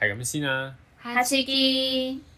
係咁先啦，下次見。